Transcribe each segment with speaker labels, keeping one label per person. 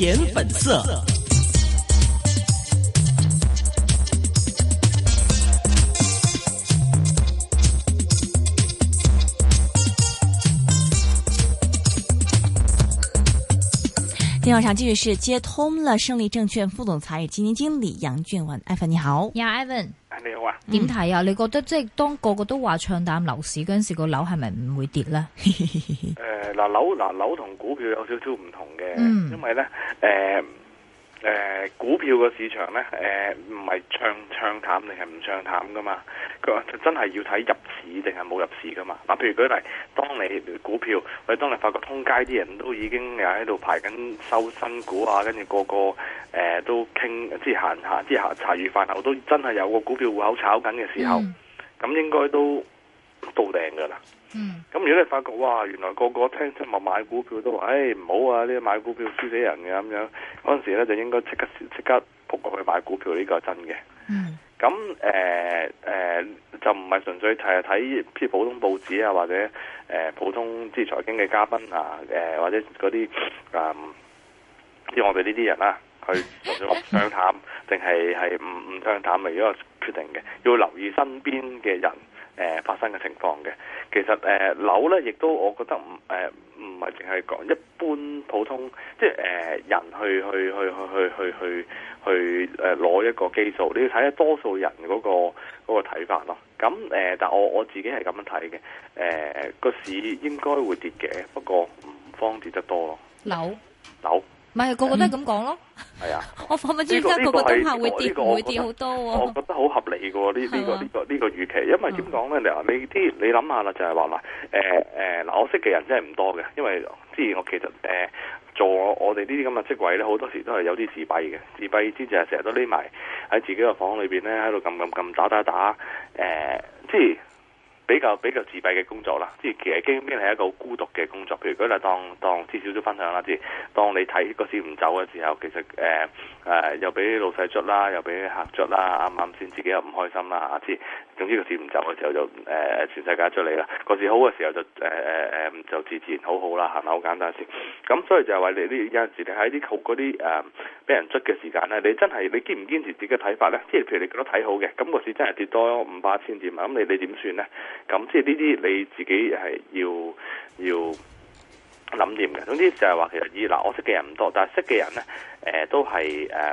Speaker 1: 淺粉色。今天晚上，繼續是接通了勝利證券副總裁、基金經理楊俊文。艾文，你好，呀，艾文。你好啊，點睇、嗯、啊？你覺得即係當個個都話唱淡樓市嗰陣時，個樓係咪唔會跌咧？
Speaker 2: 誒、 呃，嗱，樓嗱，樓同股票有少少唔同嘅。嗯、因為咧，誒、呃。誒股票個市場呢，誒唔係唱唱淡定係唔唱淡㗎嘛？佢話真係要睇入市定係冇入市㗎嘛？嗱，譬如舉例，當你股票，或者當你發覺通街啲人都已經又喺度排緊收新股啊，跟住個個誒、呃、都傾即係閒下，即係茶餘飯後都真係有個股票戶口炒緊嘅時候，咁、嗯、應該都。都頂噶啦，咁、嗯、如果你發覺哇，原來個個聽親話買股票都話，誒唔好啊！呢買股票輸死人嘅咁樣，嗰陣時咧就應該即刻即刻撲過去買股票呢個係真嘅。咁誒誒，就唔係純粹係睇普通報紙啊，或者誒、呃、普通即財經嘅嘉賓啊，誒、呃、或者嗰啲嗯，即我哋呢啲人啦、啊，去想淡，定係係唔唔想淡一個決定嘅，要留意身邊嘅人。誒、呃，發生嘅情況嘅，其實誒，樓咧亦都我覺得唔誒，唔係淨係講一般普通，即係誒人去去去去去去去誒，攞、呃、一個基數，你要睇下多數人嗰、嗰個、嗰個睇法咯。咁誒、呃，但我我自己係咁樣睇嘅，誒、呃、個市應該會跌嘅，不過唔方便跌得多咯。樓樓樓。唔係個個都咁講咯，係、嗯、啊，我可唔可以知得、這個、這個等客會跌會跌好多？這個這個、我覺得好、啊、合理嘅呢呢個呢吧個呢個預期，因為點講咧？你話你啲你諗下啦，就係話嗱，誒誒嗱，我識嘅人真係唔多嘅，因為即係我其實誒做我哋呢啲咁嘅職位咧，好多時都係有啲自閉嘅，自閉之就係成日都匿埋喺自己個房裏邊咧，喺度撳撳撳打打打，誒即係。呃比較比較自閉嘅工作啦，即係其實經紀係一個孤獨嘅工作。譬如講啦，當當至少都分享啦，即係當你睇個市唔走嘅時候，其實誒誒又俾老細捉啦，又俾客捉啦，啱啱先自己又唔開心啦，即係。總之個市唔走嘅時候就誒、呃、全世界出嚟啦，個市好嘅時候就誒誒誒就自然好好啦，係咪好簡單先？咁所以就係話你呢有陣時你喺啲好嗰啲誒俾人捽嘅時間咧，你真係你堅唔堅持自己嘅睇法咧？即係譬如你覺得睇好嘅，咁個時真係跌多五百千點啊！咁你你點算咧？咁即係呢啲你自己係要要諗掂嘅。總之就係話其實咦，嗱，我識嘅人唔多，但係識嘅人咧誒、呃、都係誒誒。呃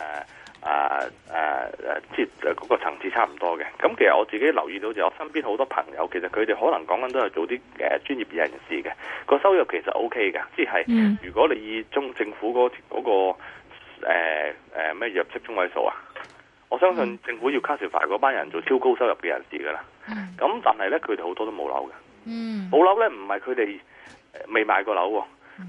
Speaker 2: 呃啊啊啊，即係嗰個層次差唔多嘅，咁其實我自己留意到，就我身邊好多朋友，其實佢哋可能講緊都係做啲誒專業人士嘅，個收入其實 O K 嘅。即係如果你以中政府嗰、嗰、嗰個誒誒咩入息中位數啊，我相信政府要 classify 嗰班人做超高收入嘅人士噶啦。咁但係咧，佢哋好多都冇樓嘅。冇樓咧，唔係佢哋未買過樓，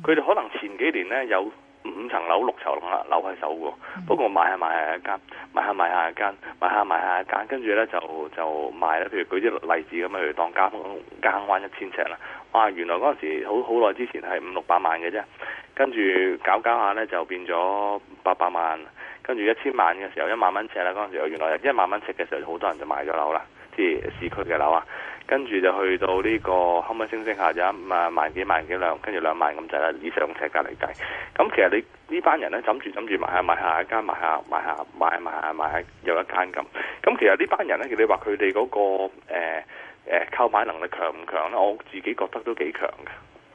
Speaker 2: 佢哋、嗯、可能前幾年咧有。五層樓，六層樓啊，樓喺手喎。嗯、不過買下買下一間，買下買下一間，買下買下一間，跟住呢就就賣咧。譬如舉啲例子咁啊，譬如當間屋間灣一千尺啦。哇！原來嗰陣時好好耐之前係五六百萬嘅啫。跟住搞搞下呢，就變咗八百萬。跟住一千萬嘅時候，一萬蚊尺啦。嗰陣時，原來一萬蚊尺嘅時候，好多人就買咗樓啦。啲市區嘅樓啊，跟住就去到呢、呢個後尾升升下就一萬多萬幾萬幾兩，跟住兩萬咁滯啦，以上尺價嚟計。咁其實你呢班人咧，枕住枕住買下買下一間，買下買下買買下買下，買下，買下，買下又一間咁。咁其實呢班人咧，你話佢哋嗰個誒誒、呃呃、購買能力強唔強咧？我自己覺得都幾強嘅。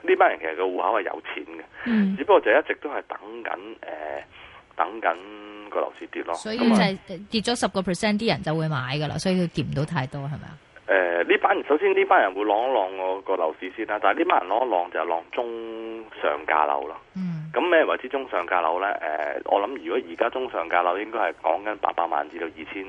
Speaker 2: 呢班人其實個戶口係有錢嘅，mm. 只不過就一直都係等緊誒。呃等緊個樓市跌咯，所以就係
Speaker 1: 跌咗十個 percent，啲人就會買噶啦，所以佢跌唔到太多係咪啊？
Speaker 2: 誒，呢班人，呃，首先呢班人會浪一浪我個樓市先啦，但係呢班人浪一浪就係浪中上價樓咯。嗯咁咩為之中上價樓咧？誒、呃，我諗如果而家中上價樓，應該係講緊八百萬至到二千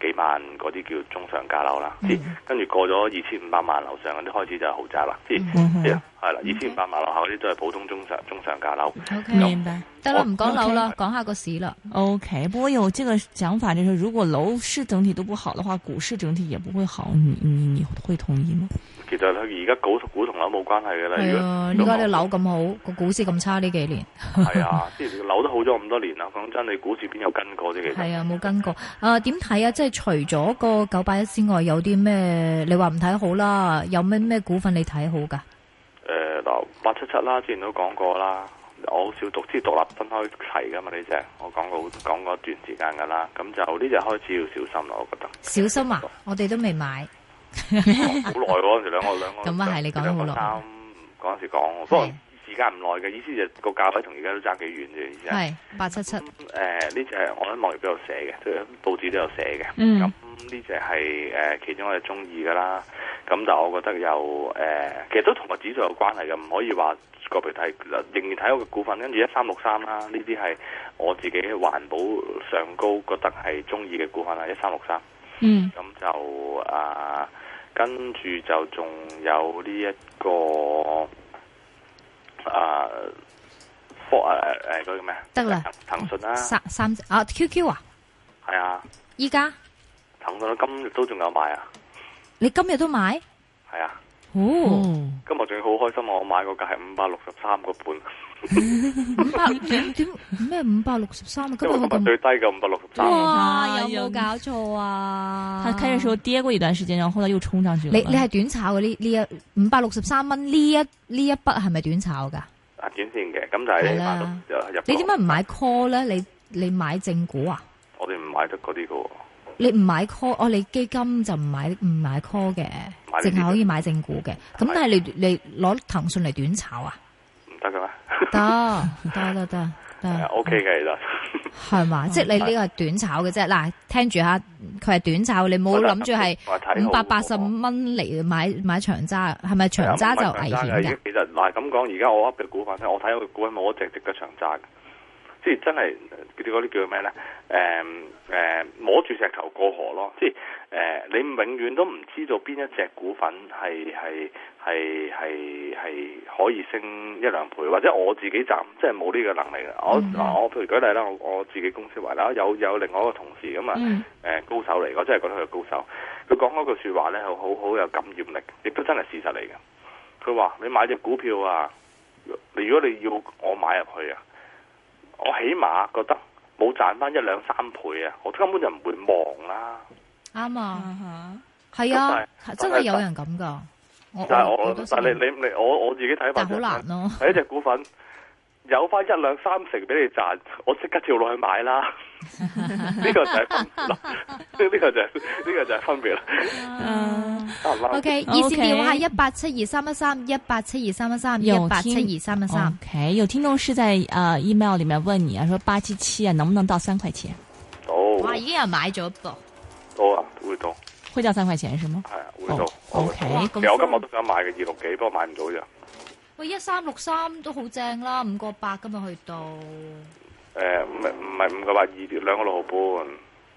Speaker 2: 幾萬嗰啲叫中上價樓啦。嗯、mm hmm.。跟住過咗二千五百萬樓上嗰啲開始就豪宅啦。嗯嗯。係啦、mm，二千五百萬樓下嗰啲都係普通中上中上價樓。O K，明白。得啦 okay. 後，唔講樓啦，
Speaker 3: 講 okay, 下個市啦。O、okay, K，不過有這個想法，就是如果樓市整體
Speaker 1: 都不好的話，股市整體也不會好。你你你會同意嗎？
Speaker 2: 其實佢而家股股同樓冇關係嘅咧，係啊！而家啲
Speaker 1: 樓咁好，個股市咁差呢幾年。
Speaker 2: 係啊， 之前樓都好咗咁多年啦。講真，你股市邊有跟過啫？係
Speaker 1: 啊，冇跟過。誒，點睇啊？即係除咗個九八一之外，有啲咩？你話唔睇好啦，有咩咩股份你睇好噶？
Speaker 2: 誒、呃，嗱，八七七啦，之前都講過啦。我好少獨，即係獨立分開提噶嘛？呢隻我講過講過一段時間噶啦，咁就呢隻開始要小心咯。我覺得
Speaker 1: 小心啊！我哋都未買。
Speaker 2: 好耐嗰陣時，兩個兩個兩個三嗰陣時講，不過時間唔耐嘅意思就個價位同而家都差幾遠啫。係八七七。誒，呢 隻樂、呃、我喺網頁都有寫嘅，喺報紙都有寫嘅。咁呢隻係誒，其中我哋中意噶啦。咁就我覺得又誒、呃，其實都同個指數有關係嘅，唔可以話個別睇仍然睇我嘅股份。跟住一三六三啦，呢啲係我自己環保上高覺得係中意嘅股份啦，一三六三。嗯。咁就啊。呃跟住就仲有呢、這、一個啊，for 誒誒嗰個叫咩？得啦了，騰訊啦、啊，三
Speaker 1: 三啊，QQ 啊，係啊，
Speaker 2: 依家騰訊今日都仲有買啊？
Speaker 1: 你今日都買？係啊，哦，oh。
Speaker 2: 今日仲要好開心啊！我買過個價係五百六十三個半。
Speaker 1: 五百點咩？五百六十
Speaker 2: 三啊！今日最低嘅五百六十三。哇！有冇
Speaker 1: 搞錯啊？睇睇你做啲一個月段時間，我可能要衝上去。你你係短炒嘅呢一五百六十三蚊呢一呢一筆係咪短炒噶？啊，
Speaker 2: 短線嘅，咁就係。你點解唔
Speaker 1: 買 call 咧？你你買正股啊？我
Speaker 2: 哋唔買得嗰啲嘅。
Speaker 1: 你唔買 call 哦？你基金就唔買唔買 call 嘅，淨係可以買正股嘅。咁但係你你攞騰訊嚟短炒啊？得得得得得
Speaker 2: 得，OK 嘅其實
Speaker 1: 係嘛？即係你呢個係短炒嘅啫。嗱，聽住吓，佢係短炒，你冇諗住係五百八十五蚊嚟買買長揸，係咪長揸就危險噶？
Speaker 2: 其實嗱，咁講而家我嘅股份咧，我睇佢股份冇直直嘅長揸嘅。即係真係嗰啲啲叫咩咧？誒誒，摸住石頭過河咯！即係誒、呃，你永遠都唔知道邊一隻股份係係係係係可以升一兩倍，或者我自己賺，即係冇呢個能力嘅。我嗱、嗯啊，我譬如舉例啦，我我自己公司圍啦，有有，有另外一個同事咁啊，誒、嗯、高手嚟，我真係覺得佢係高手。佢講嗰句説話咧，係好好有感染力，亦都真係事實嚟嘅。佢話：你買隻股票啊，你如果你要我買入去啊！我起碼覺得冇賺翻一兩三倍啊！我根本就唔會忙啦。
Speaker 1: 啱啊，係、嗯嗯、啊，但真係有人咁噶。但係我但
Speaker 2: 係我你你你我我自己睇法，好難囉就係一隻股份。 有翻一兩三成俾你賺，我即刻跳落去買啦！呢 個就係分別，呢 個就係、是、呢、呢個就係分別啦。啦、uh, okay, 啊。O K，熱線電話
Speaker 1: 一八七二三一三一八七二三一三一八七二三一三。3, 3, okay,
Speaker 3: 有聽，有聽眾係在啊 email 裏面問你啊，說八七七啊，能唔能到三塊錢？
Speaker 1: 到，哇，已經有人買咗一個。到啊，會
Speaker 2: 到。
Speaker 3: 會到三塊錢係咪？係，
Speaker 2: 會到。O K，其實我今日都想買嘅二六幾，買不過買唔到啫。
Speaker 1: 喂，一三六三都好正啦，五個八噉樣去到。
Speaker 2: 誒、呃，唔唔係五個八，二兩個六毫半。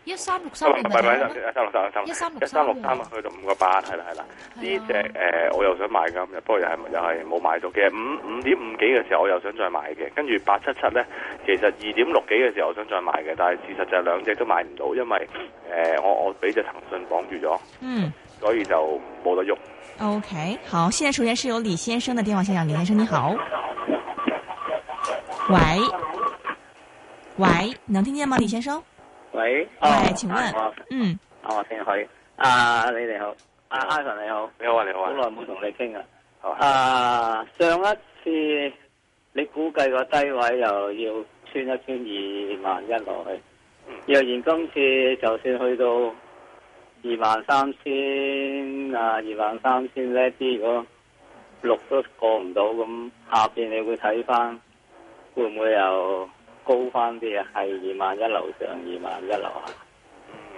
Speaker 1: 一三六三。一三
Speaker 2: 六三一三六三啊，13 63, 13 63, 13 63去到五個八，係啦係啦。呢隻誒我又想買噶，不過又係又係冇買到嘅。其實五五點五幾嘅時候我又想再買嘅，跟住八七七咧，其實二點六幾嘅時候我想再買嘅，但係事實就係兩隻都買唔到，因為誒、呃、我我俾隻騰訊綁住咗，嗯，所以就冇得喐。
Speaker 3: OK，好，現在首先是由李先生的電話，李先生，李先生你好，喂，
Speaker 2: 喂，
Speaker 3: 能聽見嗎？李先生？
Speaker 2: 喂，喂，哦、請問，啊、嗯，我聽可啊，你哋好，阿 Ivan 你好，你好、啊、沒你好，好耐冇同你傾啊，好啊，啊，上一次你估計個低位又要穿一穿二萬一落去，嗯、若然今次就算去到。二萬三千啊，二萬三千呢啲，如果六都過唔到，咁下邊你會睇翻會唔會又高翻啲啊？係二萬一樓上，二萬一樓下。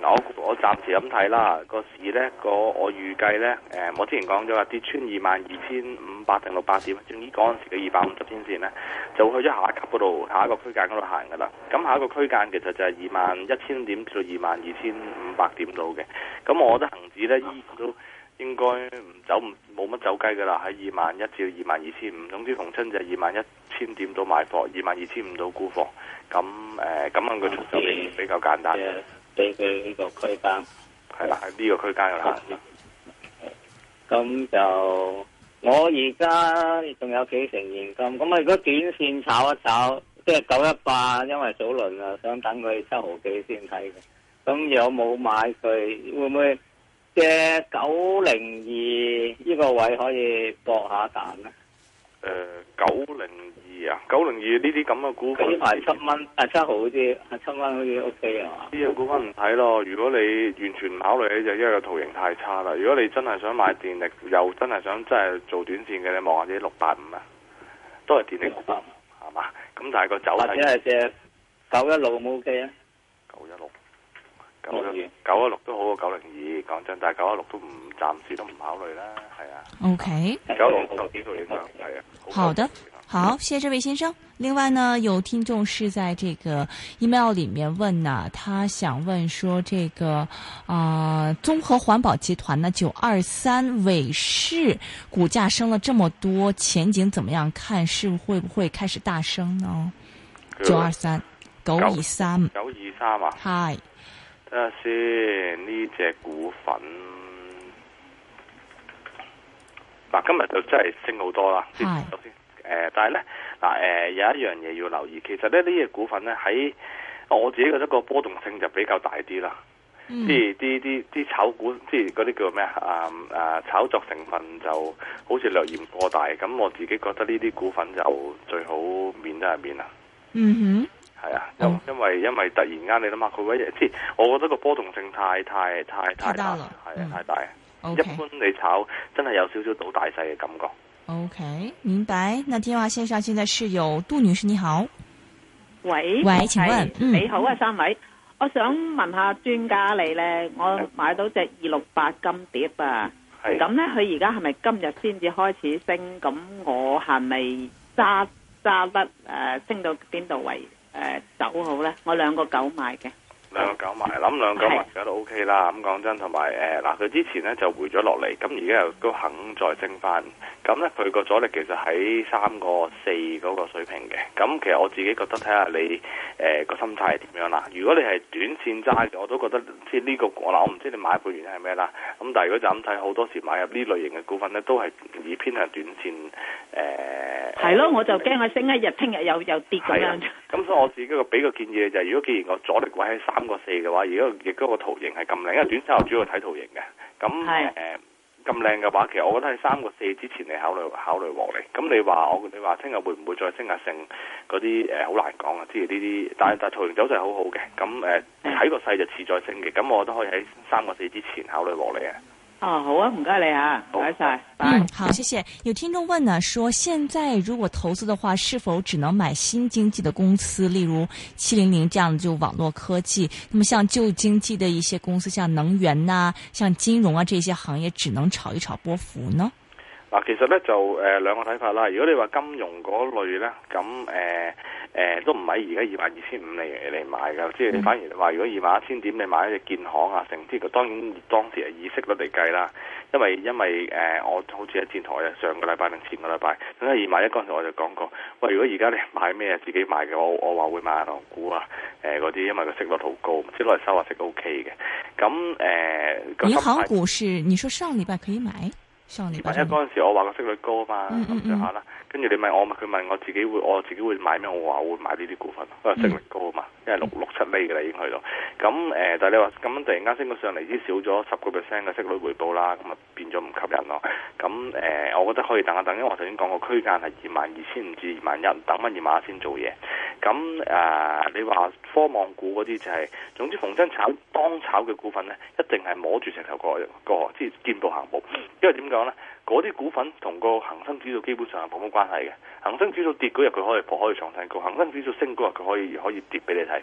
Speaker 2: 我我暫時咁睇啦，個市咧，個我預計咧，誒，我之前講咗話跌穿二萬二千五百定六百點，至於嗰陣時嘅二百五十天線咧，就去咗下一級嗰度，下一個區間嗰度行噶啦。咁下一個區間其實就係二萬一千點至到二萬二千五百點度嘅。咁我覺得恒指咧依然都應該唔走冇乜走雞噶啦，喺二萬一至到二萬二千五，總之逢親就係二萬一千點到買貨，二萬二千五到沽貨。咁誒，咁樣嘅出手比較簡單嘅。Yes. 俾佢呢個區間，係啦的，呢、嗯、個區間噶啦。咁、嗯、就我而家仲有幾成現金，咁啊，如果短線炒一炒，即係九一八，因為早輪啊，想等佢七毫幾先睇嘅。咁有冇買佢？會唔會借九零二呢個位可以搏下蛋咧？誒、呃，九零。九零二呢啲咁嘅股份，七蚊啊，七毫嗰啲，七蚊好似 O K 啊？呢隻股份唔睇咯，如果你完全唔考慮咧就因為個圖形太差啦。如果你真係想買電力，又真係想真係做短線嘅，你望下啲六八五啊，都係電力股份係嘛？咁六八五。但係個走或者係隻九一六冇 O K 啊？九一六，九一六都好過九零二，講真，但係九一六都唔暫時都唔考慮啦，係啊。O K，九零二受指數影響係啊。好的，好的，好的。
Speaker 3: 好，謝謝這位先生。另外呢，有聽眾是在這個 email 裡面問呢、啊，他想問說這個啊、呃，綜合環保集團呢，九二三尾市股價升了這麼多，前景怎麼樣看？是會不會開始大升呢？
Speaker 2: 九二三，
Speaker 3: 九二三，九
Speaker 2: 二三啊？係 Hi 等下先，呢隻股份，嗱、啊，今日就真係升好多啦。誒、呃，但係咧嗱，誒、呃、有一樣嘢要留意，其實咧呢啲股份咧喺我自己覺得個波動性就比較大啲啦，即係啲啲啲炒股，即係嗰啲叫咩、嗯、啊？誒炒作成分就好似略嫌過大，咁我自己覺得呢啲股份就最好免都係免啦。嗯哼，係啊，因為、嗯、因為因為突然間你諗下佢位日，即係我覺得個波動性太太太太大啦，係啊，太大。嗯、o Okay 一般你炒真係有少少賭大細嘅感覺。
Speaker 3: OK，明白。那電話線上，現在是有杜女士，你好。
Speaker 1: 喂喂，請問，hey, 嗯、你好啊，三位，我想問下專家你咧，我買到隻二六八金碟啊，
Speaker 3: 咁咧
Speaker 1: 佢而家係咪今日先至開始升？咁我係咪揸揸得，誒、呃、升到邊度為誒、呃、走好咧？我兩個九買嘅。
Speaker 2: 兩個搞埋，諗兩九埋而家都 O、OK、K 啦。咁講是的 真，同埋誒嗱，佢、呃、之前咧就回咗落嚟，咁而家又都肯再升翻。咁咧佢個阻力其實喺三個四嗰個水平嘅。咁其實我自己覺得睇下你誒、呃、個心態係點樣啦。如果你係短線揸嘅，我都覺得即係呢個我諗唔知你買盤原因係咩啦。咁但係如果就咁睇好多時買入呢類型嘅股份咧，都係以偏向短線誒。係、呃、咯，我就驚佢
Speaker 1: 升一日，聽日又又跌咁樣。
Speaker 2: 咁所以我自己個俾個建議就係、是，如果既然個阻力位喺三。三個四嘅話，而家亦個圖形係咁靚，因為短線我主要睇圖形嘅。咁誒咁靚嘅話，其實我覺得喺三個四之前你考慮考慮獲利。咁你話我，你話聽日會唔會再升下成嗰啲誒？好、呃、難講啊，即係呢啲。但係但係圖形走勢好好嘅。咁誒，睇、呃、是的 個勢就似再升嘅。咁我都可以喺三個四之前考慮獲利。啊。啊，好
Speaker 3: 啊，唔該你唔該晒，嗯，好，謝謝。有聽眾問呢、啊，說現在如果投資的話，是否只能買新經濟的公司，例如七零零這樣的就網絡科技？那麼像舊經濟的一些公司，像能源吶、啊，像金融啊這些行業，只能炒一炒波幅呢？
Speaker 2: 嗱，其實咧就誒兩、呃、個睇法啦。如果你話金融嗰類咧，咁誒誒都唔係而家二萬二千五嚟嚟買㗎，即係、嗯、反而話如果二萬一千點你買一隻建行啊，成啲當當然當時係以息率嚟計啦。因為因為誒、呃、我好似喺電台啊，上個禮拜定前個禮拜，咁二萬一嗰陣我就講過，喂，如果而家你買咩啊，自己買嘅我我話會買銀行股啊，誒嗰啲，因為個息率好高，即係攞嚟收下息 O K 嘅。咁誒、OK，銀、嗯、行、呃、股
Speaker 3: 市，你說上禮拜可以買。二萬一
Speaker 2: 嗰陣時，我話個息率高啊嘛，咁上、嗯嗯嗯、下啦。跟住你問我，佢問我自己會，我自己會買咩？我話會買呢啲股份，因為息率高啊嘛，因為六六七厘嘅啦，已經去到。咁誒，但係你話咁突然間升到上嚟，已經少咗十個 percent 嘅息率回報啦，咁啊變咗唔吸引咯。咁誒，我覺得可以等一等，因為我頭先講個區間係二萬二千五至二萬一，等翻二萬一先做嘢。咁誒，你話科網股嗰啲就係、是，總之逢親炒當炒嘅股份咧，一定係摸住石頭過河，即係見步行步，因為點講？嗰啲股份同個恒生指數基本上係冇乜關係嘅。恒生指數跌嗰日佢可以破開創新高，個恒生指數升嗰日佢可以可以跌俾你睇。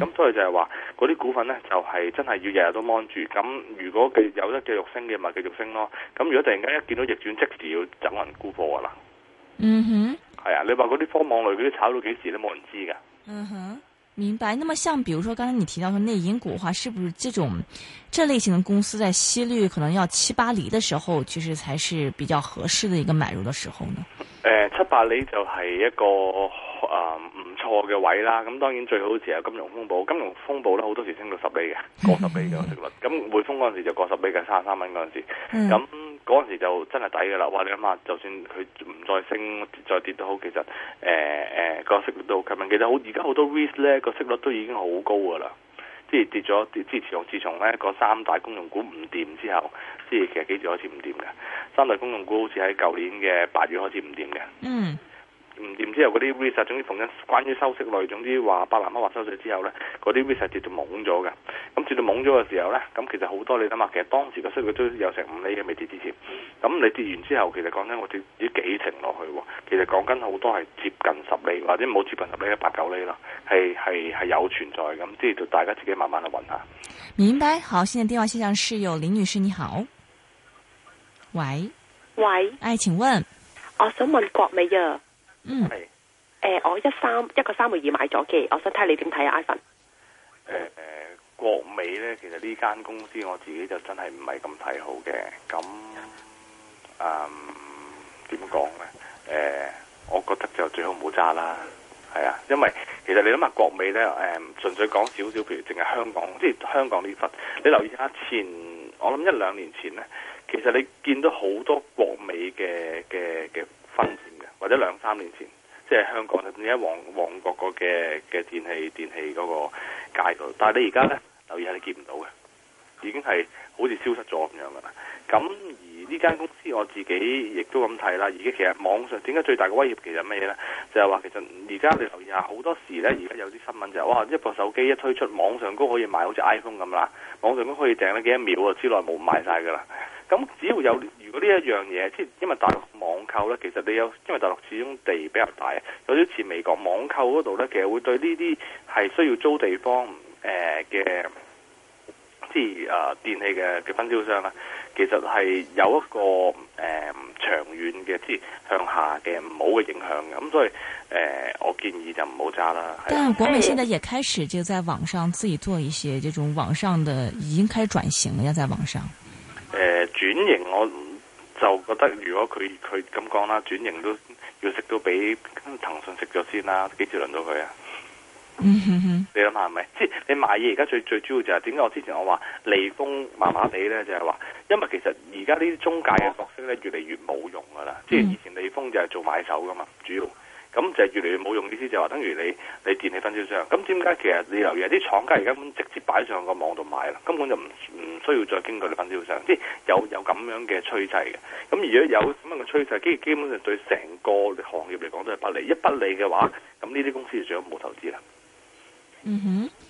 Speaker 2: 咁、嗯、所以就係話嗰啲股份呢，就係、是、真係要日日都 mon 住。咁如果佢有得繼續升嘅，咪繼續升咯。咁如果突然間一見到逆轉，即時要走人沽貨噶啦。嗯哼。係啊，你話嗰啲科網類嗰啲炒到幾時都冇人知噶。嗯
Speaker 3: 哼。明白，那麼像，比如說，剛才你提到說內銀股話，是不是這種，這類型的公司在息率可能要七八厘的時候，其、就、實、是、才是比較合適的一個買入的時
Speaker 2: 候呢？誒、呃，七八厘就係一個誒唔、呃、錯嘅位啦。咁、嗯、當然最好自然金融風暴，金融風暴咧好多時升到十厘嘅，過十厘嘅，咁匯豐嗰陣時候就過十厘嘅，三十三蚊嗰陣時，咁、嗯。嗯嗰陣時就真係抵㗎啦！哇，你諗下，就算佢唔再升、再跌都好，其實誒誒個息率都好吸引，其實好而家好多 risk 咧個息率都已經好高㗎啦。即係跌咗跌之前，自從咧個三大公用股唔掂之後，即係其實幾時開始唔掂嘅？三大公用股好似喺舊年嘅八月開始唔掂嘅。嗯。唔然之後嗰啲 Visa 總之同緊關於收息類，總之話百萬蚊或收息之後呢，嗰啲 Visa 跌就懵咗嘅。咁跌到懵咗嘅時候呢，咁其實好多你諗下，其實當時個息都有成五厘嘅，未跌之前。咁你跌完之後，其實講緊，我跌啲幾成落去喎。其實講緊好多係接近十厘，或者冇接近十厘嘅八九厘咯，係，係，係有存在咁，即係就大家自己慢慢去揾下。
Speaker 3: 明白。好，現在電話線上係有林女士，你好。喂喂，哎喂，請問，
Speaker 2: 我想問國美啊。嗯，係，誒，我一三一個三個二買咗嘅，我想睇下你點睇啊，iPhone。誒，國美咧，其實呢間公司我自己就真係唔係咁睇好嘅，咁，嗯，點講咧？誒，我覺得就最好唔好揸啦，係啊，因為其實你諗下國美咧，誒，純粹講少少，譬如淨係香港，即係香港呢份，你留意下前，我諗一兩年前咧，其實你見到好多國美嘅嘅嘅分。或者兩三年前，即係香港點解旺旺角個嘅嘅電器電器嗰個街度？但係你而家呢，留意下，你見唔到嘅，已經係好似消失咗咁樣噶啦。咁而呢間公司我自己亦都咁睇啦。而家其實網上點解最大嘅威脅其實咩嘢呢？就係話其實而家你留意下，好多時呢，而家有啲新聞就係哇，一部手機一推出，網上高可以賣好似 iPhone 咁啦，網上都可以訂咗幾多秒喎，之內冇賣晒噶啦。咁只要有。如果呢一樣嘢，即係因為大陸網購咧，其實你有，因為大陸始終地比較大，有啲似美國網購嗰度咧，其實會對呢啲係需要租地方誒嘅，即係啊電器嘅嘅分銷商啦，其實係有一個唔、呃、長遠嘅，即係向下嘅唔好嘅影響嘅。咁所以誒、呃，我建議就唔好揸啦。但係國美現
Speaker 3: 在也開始就在網上自己做一些這種網上的，已經開始轉型啦，要在
Speaker 2: 網上。誒、呃，轉型我。就覺得如果佢佢咁講啦，轉型都要食到畀騰訊食咗先啦、啊，幾時輪到佢啊？ 你諗下係咪？即係你買嘢而家最最主要就係點解我之前我話利豐麻麻地咧，就係、是、話，因為其實而家呢啲中介嘅角色咧，越嚟越冇用噶啦，即係 以前利豐就係做買手噶嘛，主要。咁就越嚟越冇用啲，意思就話等於你你電器分銷商。咁點解其實你留意啲廠家而家咁直接擺上個網度買啦，根本就唔唔需要再經過你分銷商。即係有有咁樣嘅趨勢嘅。咁如果有咁樣嘅趨勢，基基本上對成個行業嚟講都係不利。一不利嘅話，咁呢啲公司就最好冇投資啦。嗯哼。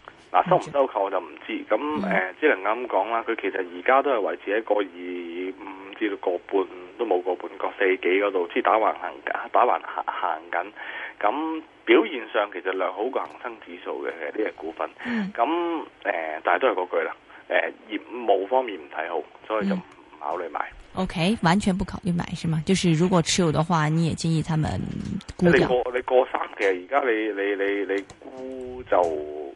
Speaker 2: 嗱，收唔收購我就唔知道，咁誒、嗯、只能咁講啦。佢其實而家都係維持喺個二五至到個半都冇個半個四幾嗰度，即打橫行打橫行行緊。咁、嗯嗯、表現上其實略好過恒生指數嘅，呢隻股份。咁誒、嗯嗯，但係都係嗰句啦。誒業務方面唔睇好，所以就唔考慮買。
Speaker 3: 嗯、o、okay, K，完全不考慮買是嗎？就是如果持有的話，你也建議他們估。
Speaker 2: 你過三現在你過三期，而家你你你你，你估就。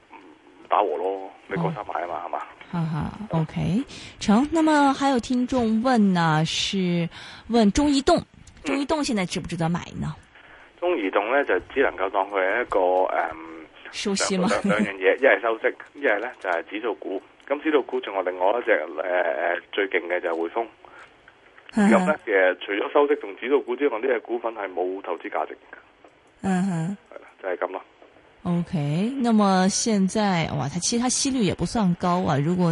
Speaker 2: 打和咯，你講得買啊嘛，係嘛？哈哈
Speaker 3: ，OK，成。那麼還有聽眾問呢，是問中移動，中移動現在值唔值得買呢？
Speaker 2: 中移動咧就只能夠當佢係一個誒，
Speaker 3: 休息嘛，兩樣嘢，一係
Speaker 2: 收息，一係咧就係、是、指數股。咁指數股仲有另外一隻誒誒最勁嘅就係匯豐。
Speaker 1: 嗯。 咁
Speaker 2: 咧其實除咗收息同指數股之外，呢、這、隻、個、股份係冇投資價值的。嗯哼。係啦，就係咁咯。
Speaker 1: O、
Speaker 3: okay, K，那麼現在哇，它其實它息率也不算高啊。如果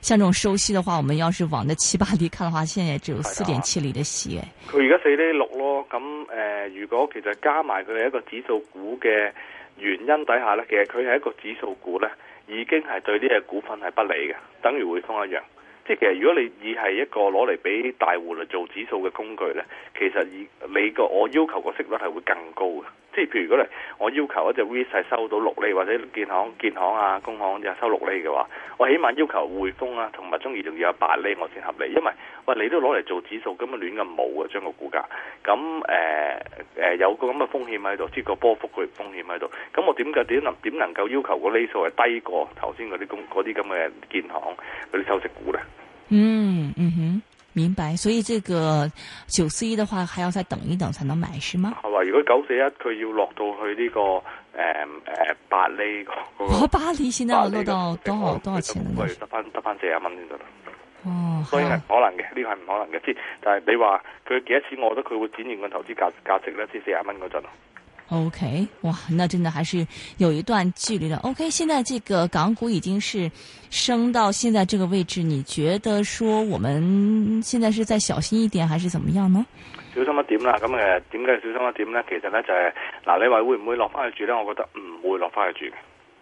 Speaker 3: 像這種收息的話，我們要是往那七八厘看的話，現在也只有四點七厘的息。
Speaker 2: 佢而家四點六咯，咁誒、呃，如果其實加埋佢係一個指數股嘅原因底下呢，其實佢係一個指數股呢，已經係對呢個股份係不利嘅，等於匯豐一樣。即係其實如果你已係一個攞嚟俾大戶嚟做指數嘅工具呢，其實以你我要求個息率係會更高嘅。即係譬如如果咧，我要求一隻 V e 收到六厘，或者建行、建行啊、工行啊收六厘嘅話，我起碼要求匯豐啊同埋中移仲要有八厘，我先合理。因為喂，你都攞嚟做指數，咁樣亂咁冇啊，將個股價咁誒誒有個咁嘅風險喺度，即係個波幅嘅風險喺度。咁我點解點能點能夠要求個厘數係低過頭先嗰啲工啲咁嘅建行嗰啲收息股咧？嗯嗯
Speaker 3: 哼。明白，所以這個九四一的話，還要再等一等才能買，是嗎？
Speaker 2: 係話，如果九四一佢要落到去呢、這個誒誒八厘巴我八
Speaker 3: 厘先啊，落到多少多少錢、
Speaker 2: 哦、啊？我得翻得翻四十蚊先得啦。
Speaker 3: 哦，所以係
Speaker 2: 可能嘅，呢個係唔可能嘅，即係但係你話佢幾多錢，我覺得佢會展現個投資價價值咧，即四十蚊嗰陣。
Speaker 3: OK，哇，那真的還是有一段距離了。OK，現在這個港股已經是升到現在這個位置，你覺得說我們現在是再小心一點，還是怎麼樣呢？
Speaker 2: 小心一點啦，咁誒，點解小心一點呢？其實呢，就係，嗱，你話會唔會落翻去住呢？我覺得唔會落翻去住。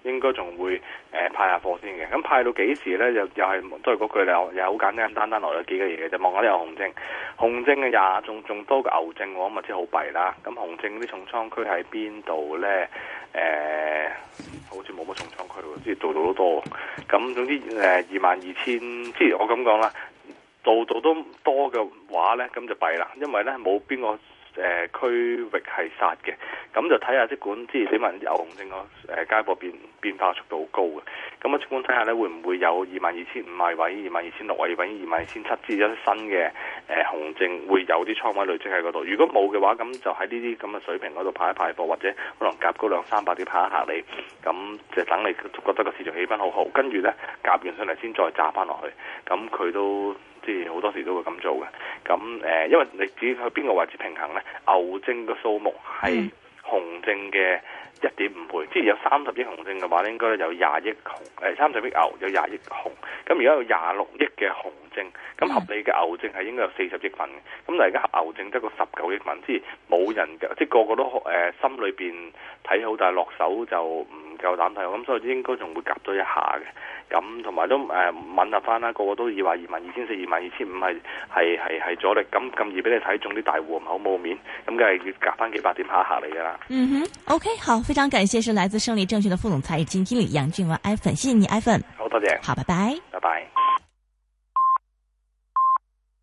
Speaker 2: 應該仲會、呃、派下貨先嘅，咁派到幾時咧？又又係都係嗰句啦，又好簡單，單單來咗幾個嘢嘅就望下啲紅證，紅證嘅廿仲仲多過牛證，我咪知好弊啦。咁、嗯、紅證嗰啲重倉區喺邊度咧？誒、呃，好似冇乜重倉區喎，即係度度都多。咁總之誒，二萬二千，即係我咁講啦，度度都多嘅話咧，咁就弊啦，因為咧冇邊個誒、呃、區域係殺嘅。咁就睇下即管，之前管看看會會有，即係點問牛熊證咯？街貨變化速度好高嘅。咁啊，即管睇下咧，會唔會有二萬二千五或位、二萬二千六位位、二萬二千七至一新嘅誒熊證，會有啲倉位累積喺嗰度。如果冇嘅話，咁就喺呢啲咁嘅水平嗰度派一派貨，或者可能夾高兩三百啲派一下你。咁就等你覺得個市場氣氛好好，跟住咧，夾完上嚟先再炸翻落去。咁佢都即係好多時都會咁做嘅。咁、呃、因為你至於去邊個位置平衡咧，牛證嘅數目係。紅證嘅一點五倍，即係有三十億紅證嘅話咧，應該有廿億紅，誒三十億牛有廿億紅，咁而家有廿六億嘅紅證，咁合理嘅牛證係應該有四十億份嘅，咁但係而家牛證得個十九億份，即係冇人嘅，即係個個都誒心裏邊睇好，但係落手就唔。夠膽睇，咁所以應該仲會夾咗一下嘅。咁同埋都誒吻合翻啦，個個都以話二萬二千四、二萬二千五係係係係阻力。咁咁易俾你睇中啲大戶好冇面，咁梗係要夾翻幾百點下一下嚟噶啦。嗯
Speaker 3: 哼，OK，好，非常感謝，是來自勝利證券的副總裁基金經理楊俊文 iPhone，謝謝你 iPhone。好多謝，好，拜拜，
Speaker 2: 拜拜。